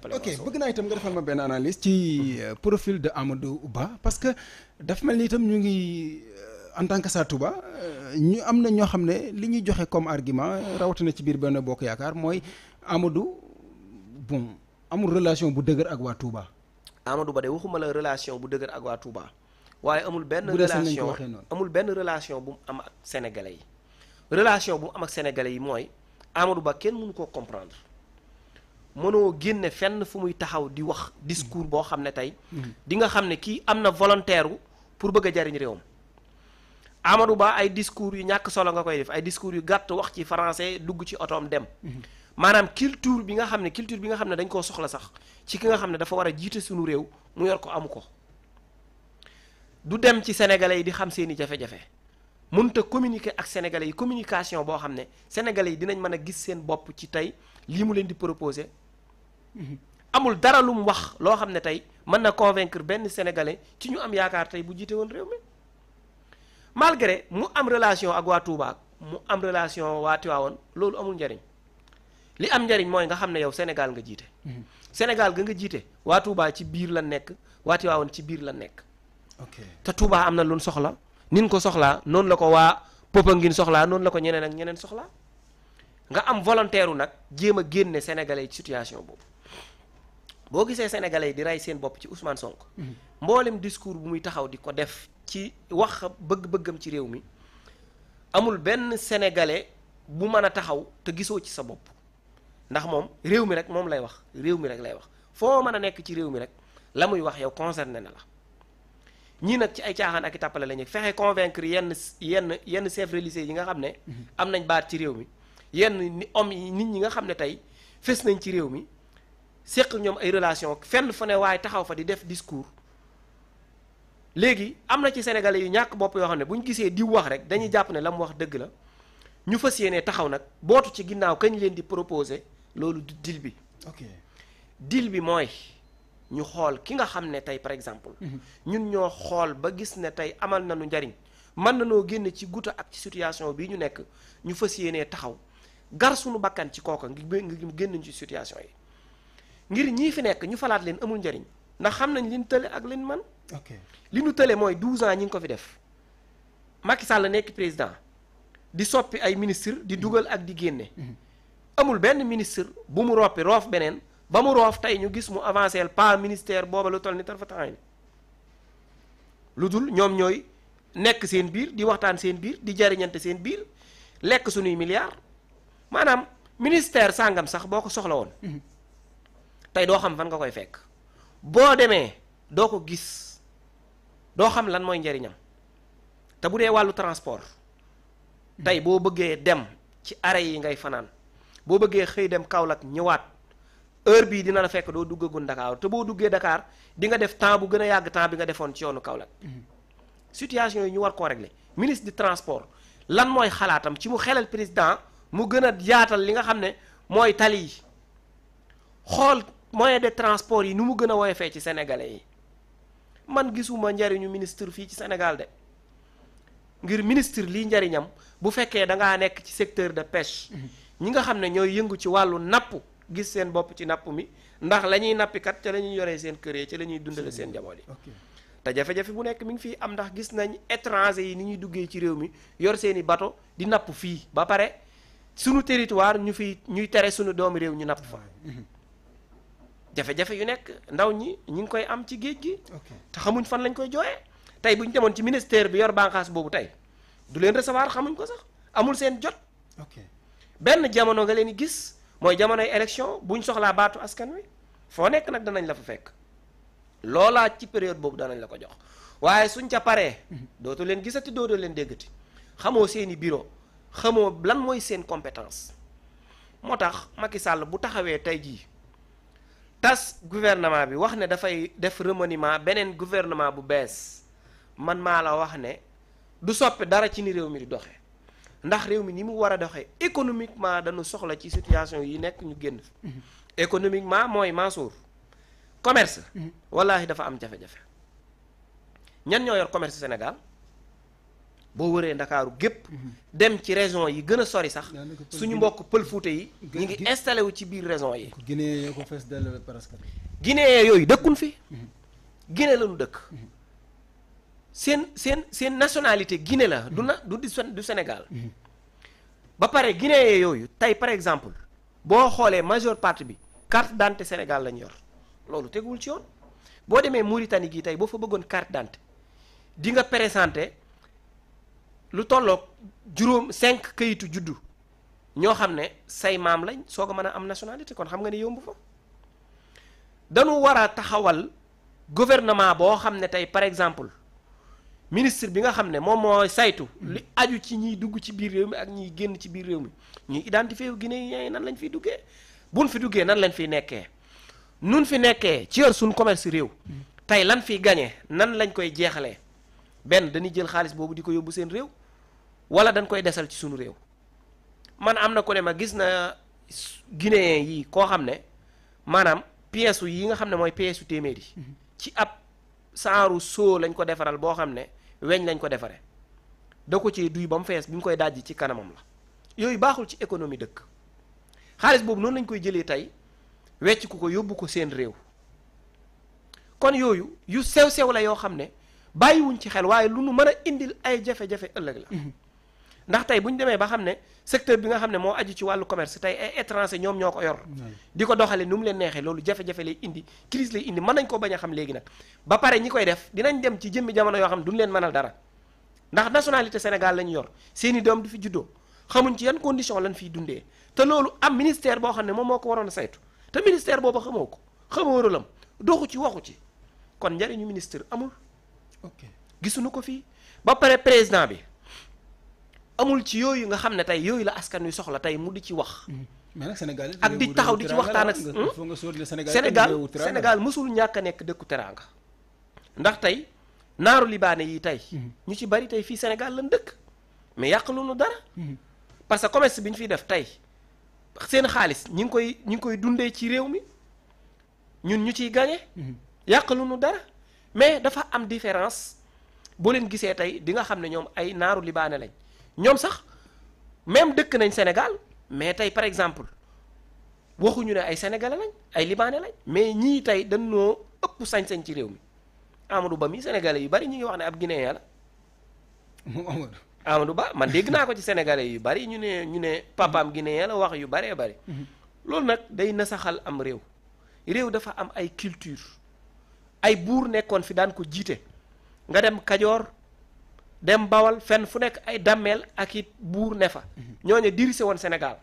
après ok bëgg naa itam nga defal ma benn analyse ci euh, profil de Amadou Ba parce que daf mel ni itam ñu ngi euh, en tant que Sa Touba euh, ñu am na ñoo xam ne li ñuy joxe comme argument rawatina ci biir benn bokk yaakaar mooy Amadou bon amul relation bu dëgër ak waa Touba. Amadou Ba de waxuma la relation bu dëgër ak waa Touba. waaye amul benn relation amul benn relation bu mu am ak sénégalais yi relation bu mu am ak sénégalais yi mooy Amadou Ba kenn mënu koo comprendre mënoo génne fenn fu muy taxaw di wax discours boo xam ne tey mhm. di nga xam ne kii am na volontaire pour bëgg a jariñ réewam Amadou Ba ay discours yu ñàkk solo nga koy def ay discours yu gàtt wax ci français dugg ci otoom dem mhm. maanaam culture bi nga xam ne culture bi nga xam ne dañ koo soxla sax ci ki nga xam ne dafa war a jiite suñu réew mu yor ko amu ko du dem ci sénégalais yi di xam seeni jafe-jafe te communiquer ak sénégalais yi communication boo xam ne sénégalais yi dinañ mën a gis seen bopp ci tey lii mu leen di proposer amul dara lu mu wax loo xam ne tey mën na convaincre benn sénégalais ci ñu am yaakaar tey bu jiite woon réew mi malgré mu am relation ak waa Touba mu am relation waa Tiwaawoon loolu amul njariñ li am njariñ mooy nga xam ne yow Sénégal nga jiite. Sénégal ga nga jiite waa Touba ci biir la nekk waa Tiwaawoon ci biir la nekk. ok te Touba am na lu soxla nin ko soxlaa noonu la ko waa Popenguine soxlaa noonu la ko ñeneen ak ñeneen soxlaa nga am volontaire nag jéem a génne sénégalais situation boobu. boo gisee sénégalais yi di rey seen bopp ci Ousmane Sonko. mboolem discours bu muy taxaw di ko def ci wax bëgg-bëggam ci réew mi amul benn sénégalais bu mën a taxaw te gisoo ci sa bopp ndax moom réew mi rek moom lay wax réew mi rek lay wax foo mën a nekk ci réew mi rek la muy wax yow concerné na la ñii nag ci ay caaxaan ak i tàppale la ñu fexe convaincre yenn yenn yenn chef yi nga xam ne mhm. am nañ baat ci réew mi yenn ni homme yi nit ñi nga xam ne tey fes nañ ci réew mi seq ñoom ay relation fenn fu ne waaye taxaw fa di def discours léegi am na ci sénégalais yu ñàkk bopp yoo xam ne bu ñu gisee diw wax rek dañuy jàpp ne la mu wax dëgg la ñu fas yéene taxaw nag bootu ci ginnaaw kañ leen di proposer loolu du bi. ok deal bi mooy ñu xool ki nga xam ne tey par exemple. Mhm. ñun ñoo xool ba gis ne tey amal nañu njariñ mën nañoo génn ci guta ak ci situation bii ñu nekk ñu fas yéene taxaw gar suñu bakkan ci kooka ngi génn ci situation yi. ngir ñii fi nekk ñu falaat leen amul njëriñ ndax xam nañ li ñu tële ak leen man li ñu tële mooy 12 ans ñi ngi ko fi def Macky Sall nekk président di soppi ay ministre di mhm. dugal ak di génne mhm. amul benn ministre bu mu roppi roof beneen ba mu roof tey ñu gis mu avancé pas ministère booba lu toll ni tarfa temps lu dul ñoom ñooy nekk seen biir di waxtaan seen biir di jariñante seen biir lekk suñuy milliards maanaam ministère sàngam sax boo ko soxla woon mhm. tey doo xam fan nga koy fekk boo demee doo ko gis doo xam lan mooy njariñam te bu dee wàllu transport tey boo bëggee dem ci arrêt yi ngay fanaan boo bëggee xëy dem Kaolack ñëwaat heure bii dina la fekk doo duggagul Dakar te boo duggee dakaar di nga def temps bu gën a yàgg temps bi nga defoon ci yoonu Kaolack mm-hmm. situation yi ñu war koo régler ministre du transport lan mooy xalaatam ci mu xelal président mu gën a yaatal li nga xam ne mooy tali yi xool moyen de transport yi ni mu gën a fee ci sénégalais yi man gisuma njariñu ministre fii ci Sénégal de ngir ministre lii njariñam bu fekkee da ngaa nekk ci secteur de pêche ñi nga xam ne ñooy yëngu ci wàllu napp gis seen bopp ci napp mi ndax lañuy ñuy nappikat ca la ñuy yoree seen kër yi ca la ñuy dundale seen njaboot yi te jafe-jafe bu nekk mi ngi fii am ndax gis nañ étranger yi ni ñuy duggee ci réew mi yor seeni i bato di napp fii ba pare sunu territoire ñu fi ñuy tere sunu doomi réew ñu napp fa jafe-jafe yu nekk ndaw ñi ñu ngi koy am ci géej gi. te xamuñ fan lañ koy jooyee. tey bu ñu demoon ci ministère bi yor bànqaas boobu tey du leen recevoir xamuñ ko sax amul seen jot. benn jamono nga leen di gis mooy jamonoy bu buñ soxlaa baatu askan wi foo nekk nag danañ la fa fekk loolaa ci période boobu danañ la ko jox waaye suñ ca paree. Mhm. dootu leen gisati dootu leen déggati xamoo seeni bureau xamoo lan mooy seen compétence moo tax Macky sàll bu taxawee tey jii. tas gouvernement bi wax ne dafay def remaniement beneen gouvernement bu bees man maa la wax ne du soppi dara ci ni réew mi di doxe ndax réew mi ni mu war a doxee économiquement dañu soxla ci situation yi nekk ñu génn mhm. économiquement mooy Mansour commerce mhm. wallaahi dafa am jafe-jafe ñan ñoo yor commerce Sénégal boo wëree ndakaaru gépp mhm. dem ci région yi gën a sori sax suñu mbokk pël fuute yi ñu ngi installé wu ci biir région yi Guinée ko fees dell presque Guinée yooyu dëkkuñ fi mhm. Guinée lañu dëkk mhm. seen seen seen nationalité Guinée la du na du du Sénégal ba pare Guinée yooyu tey par exemple boo xoolee majeure partie bi carte d'identité Sénégal lañ yor loolu teguwul ci yoon boo demee Mauritanie gii tey boo fa bëggoon carte d'identité di nga présenté lu tollook juróom cinq kayitu juddu ñoo xam ne say maam lañ soog a mën a am nationalité kon xam nga ne yomb fa dañu war a taxawal gouvernement boo xam ne tey par exemple ministre bi nga xam ne moom mooy saytu hmm. li aju ci ñiy dugg ci biir réew mi ak ñiy génn ci biir réew mi ñuy identifié yu guinéen yi nan lañ fiy duggee buñ fi duggee nan lañ fiy nekkee nun fi nekkee ci yor suñ commerce réew hmm. tey lan fiy gañee nan lañ koy jeexalee benn dañuy jël xaalis boobu di ko yóbbu seen réew wala dañ koy desal ci sunu réew man am na ko ne ma gis na guinéen yi koo xam ne maanaam pièces yi nga xam ne mooy pièces téeméer yi mhm. ci ab saaru soo lañ ko defaral boo xam ne weñ lañ ko defaree da ko ci duy ba mu fees bi mu koy dajji ci kanamam la yooyu baaxul ci économie dëkk xaalis boobu noonu lañ koy jëlee tey wecc ku ko yóbbu ko seen réew kon yooyu yu sew sew la yoo xam ne bàyyiwuñ ci xel waaye lu nu mën a indil ay jafe-jafe ëllëg la. Mhm. ndax tey bu ñu demee ba xam ne secteur bi nga xam ne moo aju ci wàllu commerce tey ay étranger ñoom ñoo ko yor di ko doxale nu mu leen neexee loolu jafe-jafe lay indi crise lay indi mën nañ ko bañ a xam léegi nag ba pare ñi koy def dinañ dem ci jëmmi jamono yoo xam ne duñu leen mënal dara ndax nationalité Sénégal lañu yor seeni doom du fi juddoo xamuñ ci yan condition lañ fiy dundee te loolu am ministère boo xam ne moom moo ko waroon a saytu te ministère boobu xamoo ko xamoo rôlam doxu ci waxu ci kon njëriñu ministre amul gisuñu ko fii ba pare président bi amul ci yooyu nga xam ne tey yooyu la askan wi soxla tey mu di ci wax. Mm. mais nag Sénégal ak di taxaw di ci waxtaan ak. Hmm? Sénégal Sénégal mosul ñàkk a nekk dëkku teraanga. ndax tey naaru libaane yi tey. Mm-hmm. ñu ci bari tey fii senegal lan dëkk. mais yàq lu nu dara. Mm-hmm. parce que commerce bi ñu fiy def tey seen xaalis ñi ngi koy ñi ngi koy dundee ci réew mi ñun ñu ciy gañe mm-hmm. yàq lu nu dara mais dafa am différence boo leen gisee tey di nga xam ne ñoom ay naaru libaane lañ. ñoom sax même dëkk nañ Sénégal mais tey par exemple waxuñu ne ay sénégalais lañ ay libanais lañ mais ñii tey dañoo ëpp sañ-sañ ci réew mi Amadou Ba mi sénégalais yu bari ñu ngi wax ne ab guinéen la. moom Amadou. Amadou Ba man dégg naa ko ci sénégalais yu bari ñu ne ñu ne papaam guinéen la wax yu baree bari. Mhm. loolu nag day nasaxal am réew. réew dafa am ay culture ay buur nekkoon fi daan ko jiite nga dem Kajoor. dem bawal fenn fu nekk ay dàmmeel ak it buur ne fa mhm. ñoo ne dirise woon Sénégal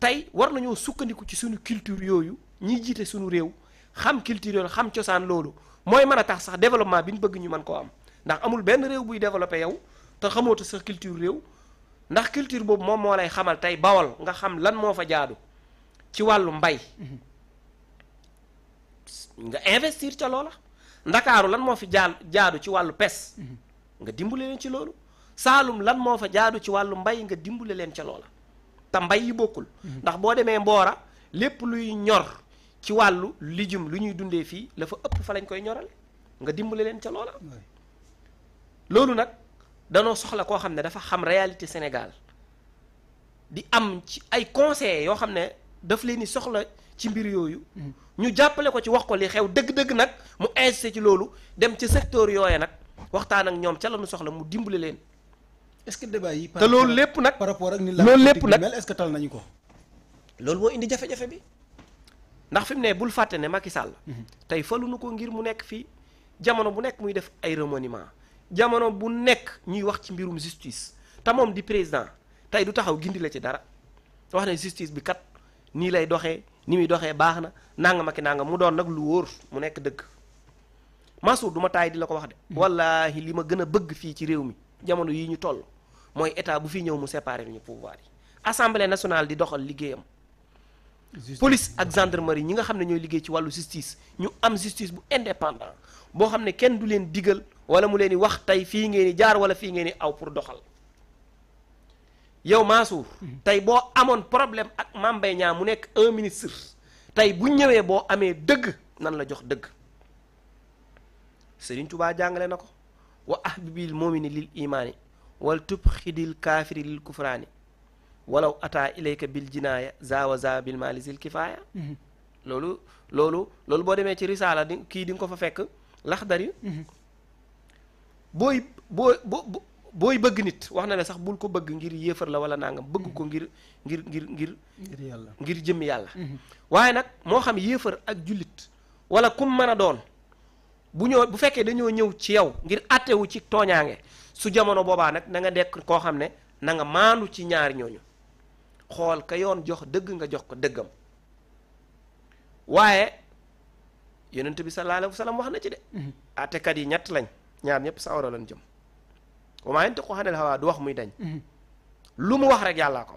tey war nañoo sukkandiku ci suñu culture yooyu ñiy jiite suñu réew xam culture yooyu xam cosaan loolu mooy mën a tax sax développement bi ñu bëgg ñu mën koo am ndax amul benn réew buy développé yow te xamoo xamoota sax culture réew ndax culture boobu moom moo lay xamal tey bawal nga xam lan moo fa jaadu ci wàllu mbay mhm. nga investir ca loola ndakaaru lan moo fi jaal jaadu ci wàllu pes mhm. nga dimbale leen ci loolu saalum lan moo fa jaadu ci wàllu mbay nga dimbale leen ca loola te mbay yi bokkul mm-hmm. ndax boo demee mboora lépp luy ñor ci wàllu lijum lu ñuy dundee fii la fa ëpp fa lañ koy ñoral nga dimbale leen ca loola loolu nag danoo soxla koo xam ne dafa xam réalité Sénégal di am ci ay conseils yoo xam ne daf leen di soxla ci mbir yooyu mm-hmm. ñu jàppale ko ci wax ko li xew dëgg-dëgg nag mu insisté ci loolu dem ci secteur yooyu nag waxtaan ak ñoom ca la soxla mu dimbali leen. est-ce que débat yi. te loolu lépp nag par rapport ak ni la loolu lépp nag est-ce ko. loolu moo indi jafe-jafe bi ndax fi mu ne bul fàtte ne Macky Sall. Mhm. tey faluñu ko ngir mu nekk fii jamono bu nekk muy def ay remaniement jamono bu nekk ñuy wax ci mbirum justice te moom di président tey du taxaw gindi la ci dara wax ne justice bi kat nii lay doxee ni muy doxee baax na nangam ak nangam mu doon nag lu wóor mu nekk dëgg. Mansour du ma taay di la ko wax de. Hmm. wallaahi li ma gën a bëgg fii ci réew mi jamono yi ñu toll mooy état bu fi ñëw mu séparer ñu pouvoir yi. assemblée nationale di doxal liggéeyam. police ak gendarmerie ñi nga xam ne ñooy liggéey ci wàllu justice ñu am justice bu indépendant boo xam ne kenn du leen diggal wala mu leen di wax tey fii ngeen jaar wala fii ngeen di aw pour doxal. yow Mansour hmm. tey boo amoon problème ak Mame Mbaye mu nekk un ministre tey bu ñëwee boo amee dëgg nan la jox dëgg. Sëriñ Tubaa jàngale na ko wa ahbibil mu'mini lil imaani wal tubxidil kaafiri lil kufraani walaw ataa ilayka bil jinaaya zaawa zaa bil maali zil kifaaya mhm. loolu loolu loolu boo demee ci risaala di kii di ko fa fekk laxdari mhm. booy booy booy bëgg nit wax na la sax bul ko bëgg ngir yéefar la wala nangam bëgg ko mhm. ngir ngir ngir ngir ngir yàlla ngir jëmmi yàlla waaye nag moo xam yéefar ak jullit wala kum mën a doon bu ñoo bu fekkee dañoo ñëw ci yow ngir attewu ci tooñaange su jamono boobaa nag nanga nga dekk koo xam ne nanga nga maandu ci ñaari ñooñu xool ka yoon jox dëgg nga jox ko dëggam waaye yonent bi sallallahu alayhi wa wax na ci de mhm. attekat yi ñett lañ ñaar ñëpp sawara lañ jëm wa maa yantiqu anil hawaa du wax muy dañ mhm. lu mu wax rek yàllaa ko